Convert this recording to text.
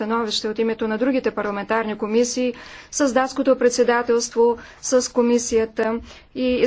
становище от името на другите парламентарни комисии, с датското председателство, с комисията и